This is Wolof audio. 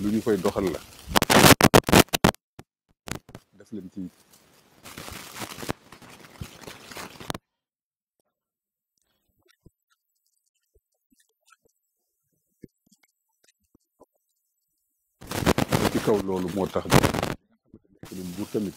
lu ñu koy doxal la def la ci ci kaw loolu moo tax bu tamit